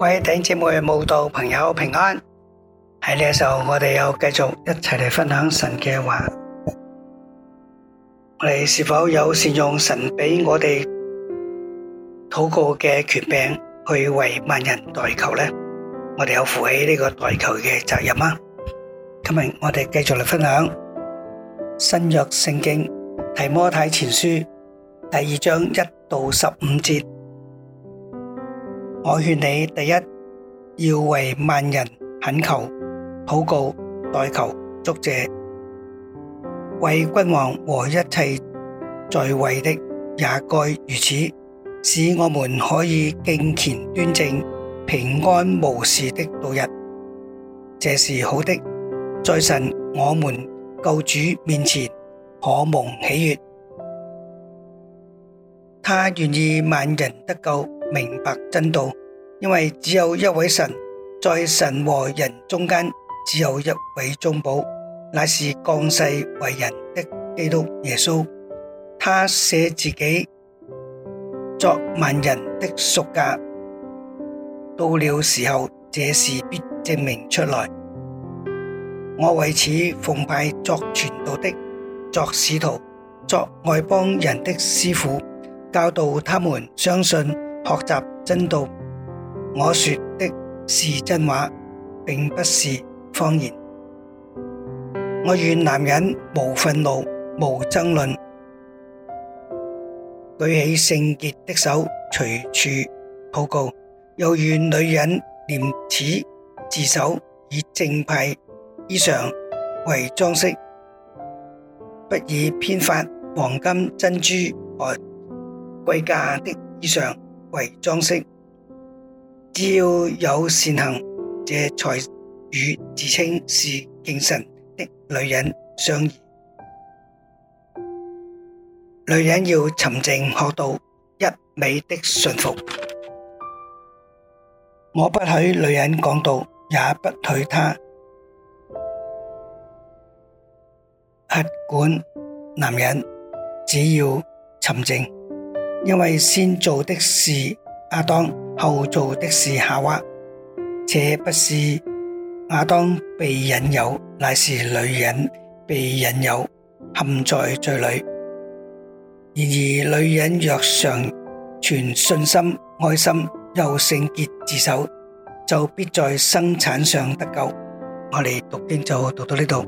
各位弟兄姊妹、慕道朋友平安。喺呢個時候，我哋又繼續一齊嚟分享神嘅話。我哋是否有善用神俾我哋禱告嘅權柄去為萬人代求呢？我哋有負起呢個代求嘅責任嗎？今日我哋繼續嚟分享新約聖經提摩太前書第二章一到十五節。我勸你，第一要為萬人懇求、禱告、代求、祝謝，為君王和一切在位的也該如此，使我們可以敬虔端正、平安無事的度日。這是好的，在神我們救主面前可蒙喜悦。他願意萬人得救，明白真道。因為只有一位神，在神和人中間，只有一位中保，乃是降世為人的基督耶穌。他捨自己作萬人的贖價，到了時候，這事必證明出來。我為此奉派作傳道的，作使徒，作外邦人的師傅，教導他們相信，學習真道。我說的是真話，並不是謊言。我願男人無憤怒、無爭論，舉起聖潔的手隨處禱告；又願女人廉恥自守，以正派衣裳為裝飾，不以編髮、黃金、珍珠和貴價的衣裳為裝飾。只要有善行，這才與自稱是敬神的女人相宜。女人要沉靜，學到一味的順服。我不許女人講道，也不許她客管男人，只要沉靜，因為先做的是亞當。後做的是夏娃，且不是亞當被引誘，乃是女人被引誘，陷在罪裏。然而，而女人若常存信心、愛心、又聖潔自守，就必在生産上得救。我哋讀經就讀到呢度。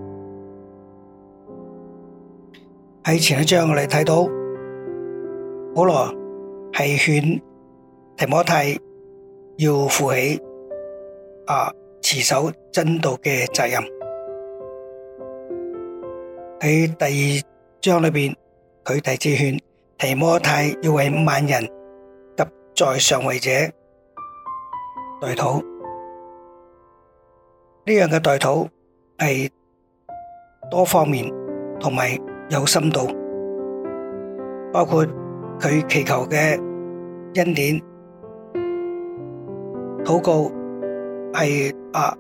喺前一章我哋睇到保羅係勸。提摩太要負起啊持守真道嘅責任。喺第二章裏邊，佢第二次勸提摩太要為萬人及在上位者代禱。呢樣嘅代禱係多方面，同埋有，有深度，包括佢祈求嘅恩典。禱告係啊，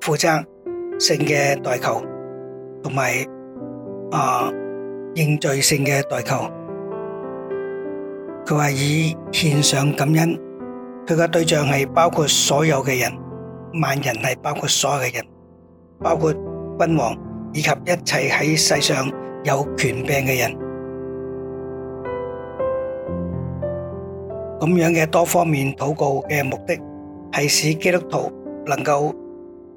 負責性嘅代求，同埋啊認罪性嘅代求。佢話以獻上感恩，佢嘅對象係包括所有嘅人，萬人係包括所有嘅人，包括君王以及一切喺世上有權柄嘅人。咁樣嘅多方面禱告嘅目的。係使基督徒能夠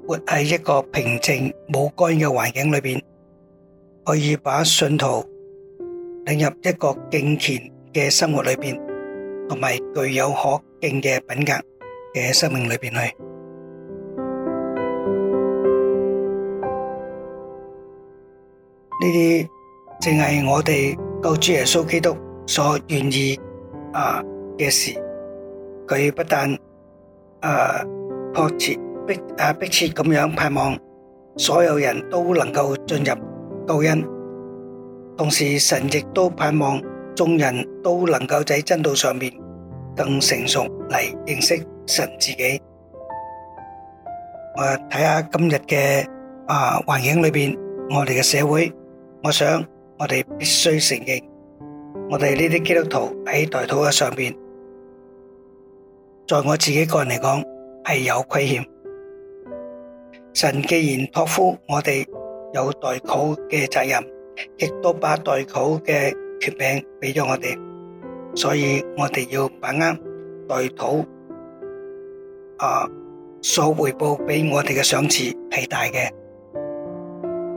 活喺一個平靜、冇干擾嘅環境裏邊，可以把信徒領入一個敬虔嘅生活裏邊，同埋具有可敬嘅品格嘅生命裏邊去。呢啲淨係我哋救主耶穌基督所願意啊嘅事，佢不但誒，迫切逼，誒，迫切咁樣盼望所有人都能夠進入道恩，同時神亦都盼望眾人都能夠喺真道上面更成熟嚟認識神自己。誒，睇下今日嘅啊環境裏邊，我哋嘅社會，我想我哋必須承認，我哋呢啲基督徒喺代禱嘅上邊。在我自己個人嚟講，係有虧欠。神既然託付我哋有代禱嘅責任，亦都把代禱嘅權柄俾咗我哋，所以我哋要把握代禱。啊，所回報俾我哋嘅賞賜係大嘅。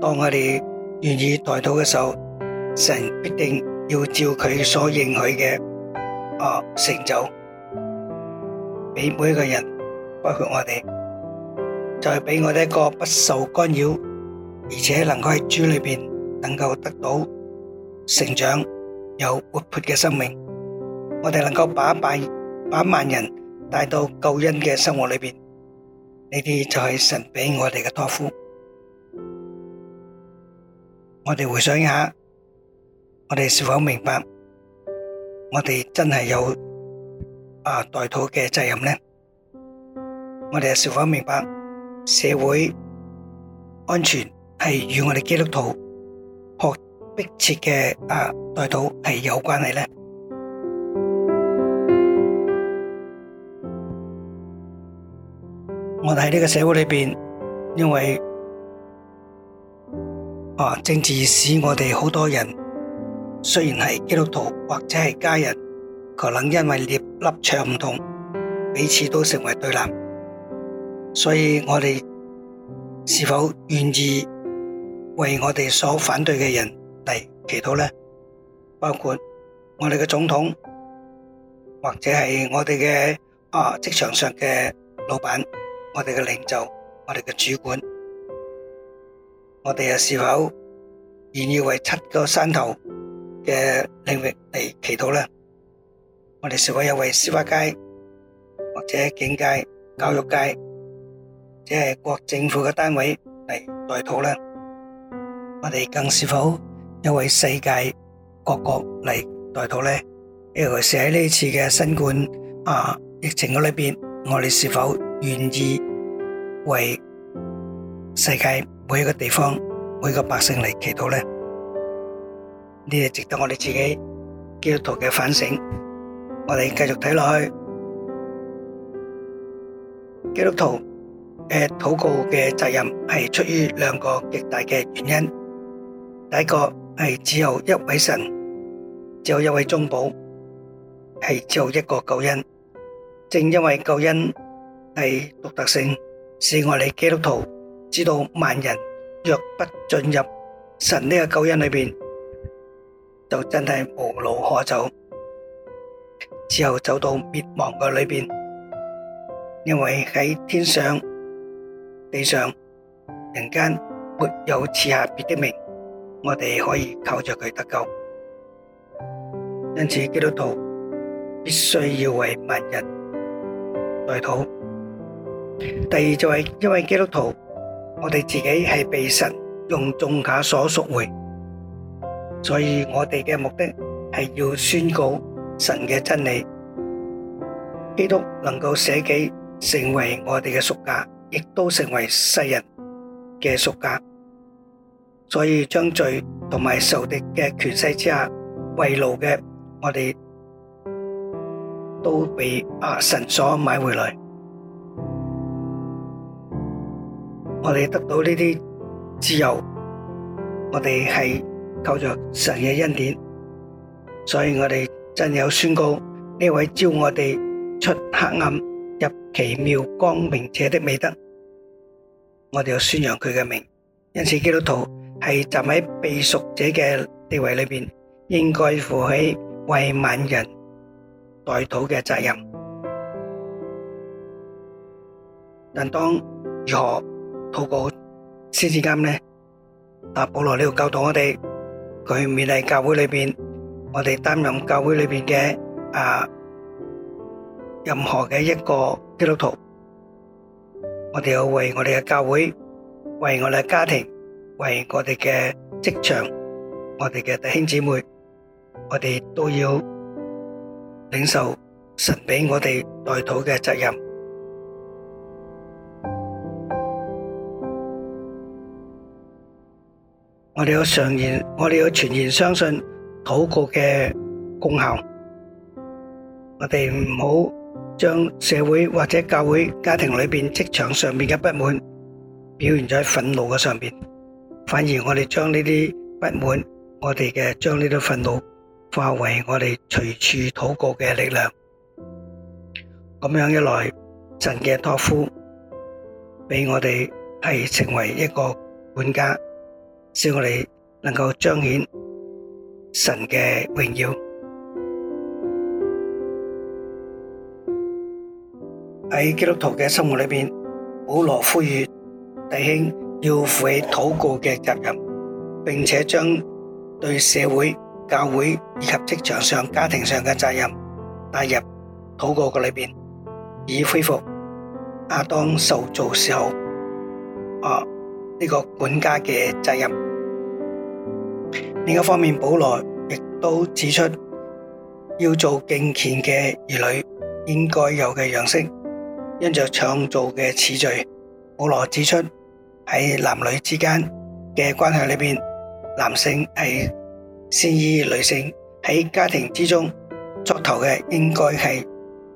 當我哋願意代禱嘅時候，神必定要照佢所應許嘅，啊成就。俾每一個人，包括我哋，就係俾我哋一個不受干擾，而且能夠喺主裏面能夠得到成長、又活潑嘅生命，我哋能夠把百把萬人帶到救恩嘅生活裏面，呢啲就係神俾我哋嘅託付。我哋回想一下，我哋是否明白？我哋真係有。啊！代禱嘅責任咧，我哋是否明白社會安全係與我哋基督徒學迫切嘅，啊代禱係有關係咧？我哋喺呢個社會裏邊，因為啊政治使我哋好多人雖然係基督徒或者係家人。可能因為立立場唔同，彼此都成為對立，所以我哋是否願意為我哋所反對嘅人嚟祈禱咧？包括我哋嘅總統，或者係我哋嘅啊職場上嘅老闆、我哋嘅領袖、我哋嘅主管，我哋又是否願意為七個山頭嘅領域嚟祈禱咧？我哋是否有為司法界或者警界、教育界，或者係各政府嘅單位嚟代禱咧？我哋更是否一位世界各國嚟代禱咧？尤其是喺呢次嘅新冠啊疫情嘅裏邊，我哋是否願意為世界每一個地方、每個百姓嚟祈禱咧？呢啲係值得我哋自己基督徒嘅反省。我哋繼續睇落去，基督徒嘅禱告嘅責任係出於兩個極大嘅原因。第一個係只有一位神，只有一位中保，係只有一個救恩。正因為救恩係獨特性，使我哋基督徒知道萬人若不進入神呢個救恩裏面，就真係無路可走。之後走到滅亡嘅裏面，因為喺天上地上人間沒有賜下別的名，我哋可以靠着佢得救，因此基督徒必須要為萬人代禱。第二就係因為基督徒，我哋自己係被神用重價所神嘅真理，基督能夠捨己成為我哋嘅贖價，亦都成為世人嘅贖價。所以將罪同埋仇敵嘅權勢之下為奴嘅我哋，都畀啊神所買回來。我哋得到呢啲自由，我哋係靠着神嘅恩典，所以我哋。真有宣告，呢位召我哋出黑暗入奇妙光明者的美德，我哋要宣揚佢嘅名。因此基督徒，係站喺被贖者嘅地位裏面,應該負起為萬人代禱嘅責任。但當如何，禱告，先至啱呢？阿保羅，呢度教導我哋，佢勉勵教會裏面, cin stereotype, これ weiß |zh| 我們擔任教會裏面的啊任何的一個基督徒，我們要為我們的教會，為我們的家庭，為我們的職場，我們的弟兄姊妹，我們都要領受神畀我們代禱的責任。我們要常言，我們要全然相信禱告嘅功效，我哋唔好將社會或者教會、家庭裏邊、職場上面嘅不滿，表現咗喺憤怒嘅上面，反而我哋將呢啲不滿，我哋嘅將呢啲憤怒化為我哋隨處禱告嘅力量。咁樣一來，神嘅託付俾我哋係成為一個管家，使我哋能夠彰顯。神嘅榮耀喺基督徒嘅生活裏面，保羅呼籲弟兄要負起禱告嘅責任，並且將對社會、教會以及職場上、家庭上嘅責任帶入禱告嘅裏面，以恢復亞當受造時候啊呢個管家嘅責任。另一方面，保羅亦都指出，要做敬虔嘅兒女應該有嘅樣式，因着創造嘅次序，保羅指出喺男女之間嘅關係裏邊，男性係先依女性，喺家庭之中作頭嘅，應該係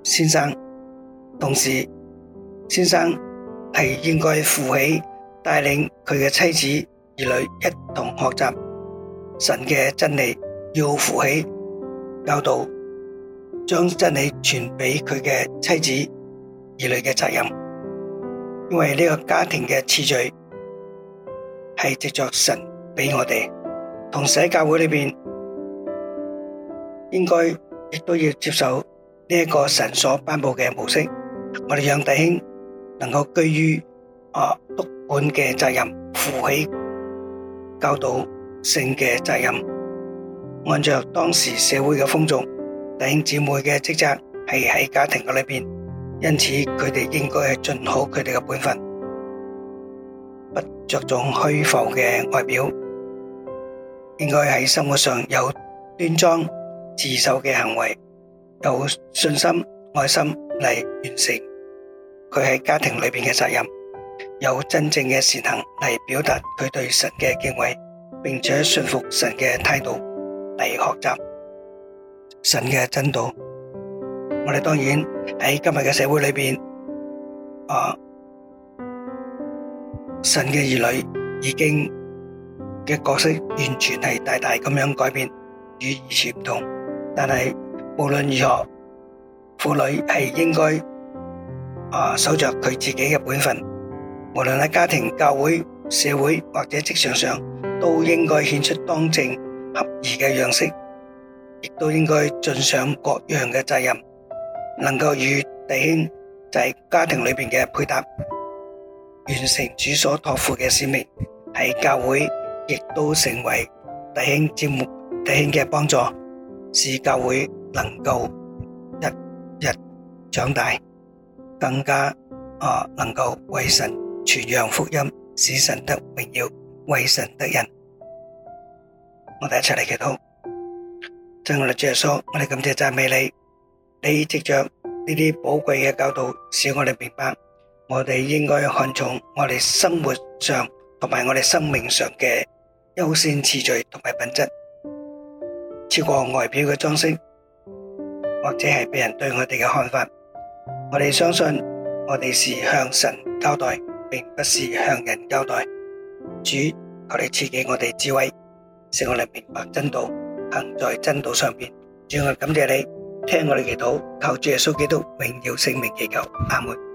先生，同時先生係應該扶起帶領佢嘅妻子兒女一同學習。神嘅真理要負起教導，將真理傳俾佢嘅妻子兒女嘅責任，因為呢個家庭嘅次序係藉着神俾我哋，同時教會裡面應該亦都要接受呢一個神所頒布嘅模式。我哋讓弟兄能夠基於啊督管嘅責任負起教導。性嘅責任，按照當時社會嘅風俗，弟兄姊妹嘅職責係喺家庭嘅裏邊，因此佢哋應該係盡好佢哋嘅本分，不着重虛浮嘅外表，應該喺生活上有端莊自守嘅行為，有信心愛心嚟，完成佢喺家庭裏邊嘅責任，有真正嘅善行嚟表達佢對神嘅敬畏。並且信服神嘅態度嚟學習神嘅真道。我哋當然喺今日嘅社會裏邊，啊，神嘅兒女已經嘅角色完全係大大咁樣改變，與以前唔同。但係無論如何，婦女係應該啊，守著佢自己嘅本分，無論喺家庭、教會、社會或者職場上。都應該獻出當政合宜的樣式，亦都應該盡上各樣的責任，能夠與弟兄在家庭裏面的配搭，完成主所託付的使命，喺教會亦都成為弟兄節目，弟兄的幫助，使教會能夠日日長大，更加啊能夠為神傳揚福音，使神得榮耀。為神得人，我哋一齊嚟祈禱，在我哋著數，我哋感謝讚美你。你藉着呢啲寶貴嘅教導，使我哋明白，我哋應該看重我哋生活上同埋我哋生命上嘅優先次序同埋品質，超過外表嘅裝飾或者係別人對我哋嘅看法。我哋相信，我哋是向神交代，並不是向人交代。主，求你賜給我哋智慧，使我哋明白真道，行在真道上邊。主，我感謝你，聽我哋祈禱，求主耶穌基督榮耀聖名，祈求阿門。